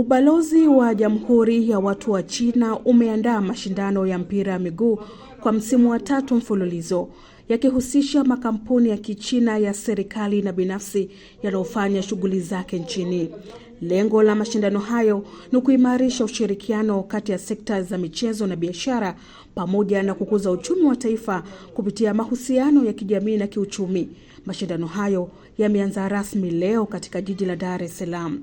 Ubalozi wa Jamhuri ya Watu wa China umeandaa mashindano ya mpira wa miguu kwa msimu wa tatu mfululizo yakihusisha makampuni ya Kichina ya serikali na binafsi yanayofanya shughuli zake nchini. Lengo la mashindano hayo ni kuimarisha ushirikiano kati ya sekta za michezo na biashara pamoja na kukuza uchumi wa taifa kupitia mahusiano ya kijamii na kiuchumi. Mashindano hayo yameanza rasmi leo katika jiji la Dar es Salaam.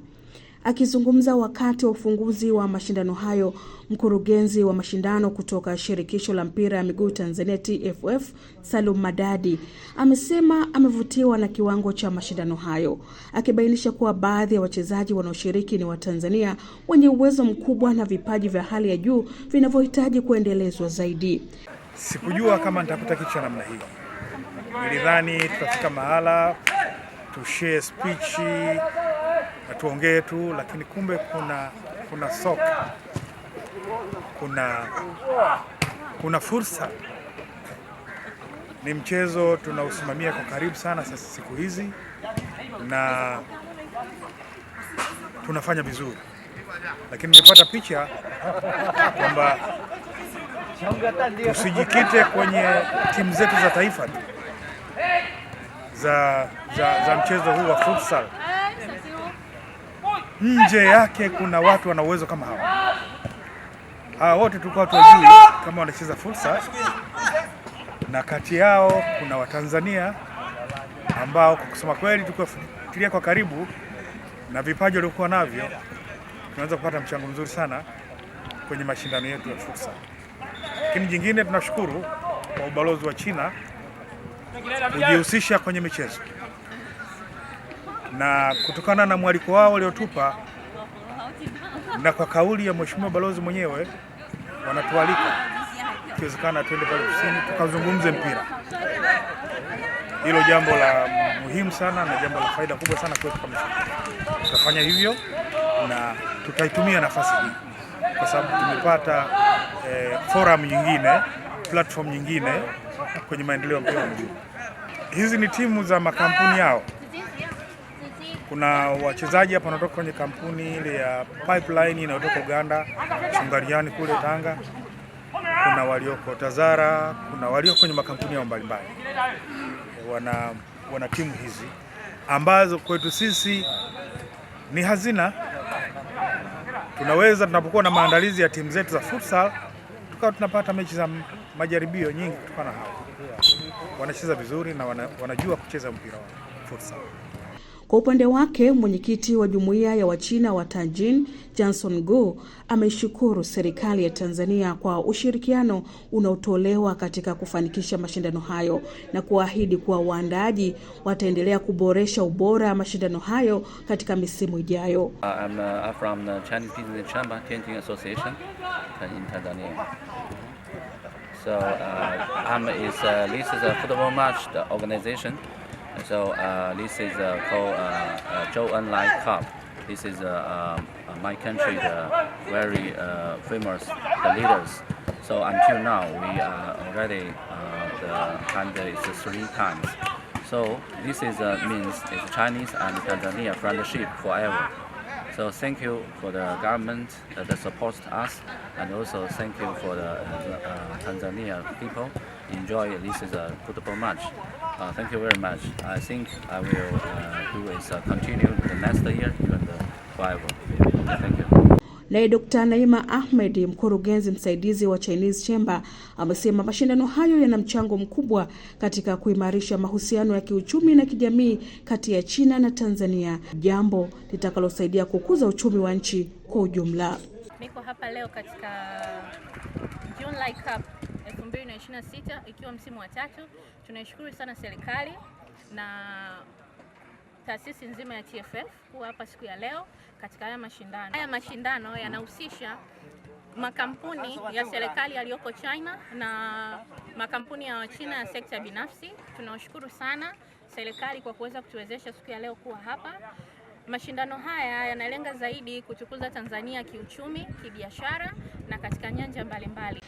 Akizungumza wakati wa ufunguzi wa mashindano hayo, mkurugenzi wa mashindano kutoka shirikisho la mpira ya miguu Tanzania TFF Salum Madadi amesema amevutiwa na kiwango cha mashindano hayo, akibainisha kuwa baadhi ya wachezaji wanaoshiriki ni Watanzania wenye uwezo mkubwa na vipaji vya hali ya juu vinavyohitaji kuendelezwa zaidi. Sikujua kama nitakuta kitu cha namna hii, nilidhani tutafika mahala tushare spichi na tuongee tu, lakini kumbe kuna kuna soka, kuna kuna fursa. Ni mchezo tunausimamia kwa karibu sana sasa siku hizi na tunafanya vizuri, lakini nimepata picha kwamba tusijikite kwenye timu zetu za taifa za, za, za mchezo huu wa futsal nje yake kuna watu wana uwezo kama hawa hawa wote, tulikuwa tuwajui kama wanacheza fursa, na kati yao kuna Watanzania ambao kwa kusema kweli tukiwafuatilia kwa karibu na vipaji waliokuwa navyo, tunaweza kupata mchango mzuri sana kwenye mashindano yetu ya fursa. Lakini jingine tunashukuru kwa ubalozi wa China kujihusisha kwenye michezo na kutokana na mwaliko wao waliotupa na kwa kauli ya mheshimiwa balozi mwenyewe wanatualika, ikiwezekana twende pale ofisini tukazungumze mpira. Hilo jambo la muhimu sana na jambo la faida kubwa sana kwetu kama shirika. Tutafanya hivyo na tutaitumia nafasi hii kwa sababu tumepata eh, forum nyingine, platform nyingine kwenye maendeleo ya mpira. Hizi ni timu za makampuni yao. Kuna wachezaji hapa wanatoka kwenye kampuni ile ya Pipeline inayotoka Uganda, sungariani kule Tanga. Kuna walioko Tazara, kuna walioko kwenye makampuni yao mbalimbali, wana, wana timu hizi ambazo kwetu sisi ni hazina. Tunaweza tunapokuwa na maandalizi ya timu zetu za futsal tukawa tunapata mechi za majaribio nyingi kutokana na hapo, wanacheza vizuri na wanajua kucheza mpira wa futsal. Kwa upande wake, mwenyekiti wa jumuiya ya Wachina wa Tajin, Johnson Gu, ameshukuru serikali ya Tanzania kwa ushirikiano unaotolewa katika kufanikisha mashindano hayo na kuahidi kuwa waandaaji wataendelea kuboresha ubora wa mashindano hayo katika misimu ijayo. Uh, uh So, uh, is, uh, this is a football match the organization So uh, this is uh, called uh, uh, Zhou Enlai Cup. This is uh, um, uh, my country, the very uh, famous the leaders. So until now, we are already uh, the country is three times. So this is uh, means it's Chinese and Tanzania friendship forever. So thank you for the government uh, that supports us, and also thank you for the uh, Tanzania people. Enjoy this is a football match. Uh, thank you very much. I think I will uh, do is uh, continue the next year even the five. Thank you. Naye Dr. Naima Ahmed, mkurugenzi msaidizi wa Chinese Chamber, amesema mashindano hayo yana mchango mkubwa katika kuimarisha mahusiano ya kiuchumi na kijamii kati ya China na Tanzania, jambo litakalosaidia kukuza uchumi wa nchi kwa ujumla. Niko hapa leo katika June Light Cup 2026 ikiwa msimu wa tatu. Tunaishukuru sana serikali na taasisi nzima ya TFF kuwa hapa siku ya leo katika haya mashindano. Haya mashindano yanahusisha makampuni ya serikali yaliyoko China na makampuni ya Wachina ya sekta binafsi. Tunawashukuru sana serikali kwa kuweza kutuwezesha siku ya leo kuwa hapa. Mashindano haya yanalenga zaidi kutukuza Tanzania kiuchumi, kibiashara na katika nyanja mbalimbali mbali.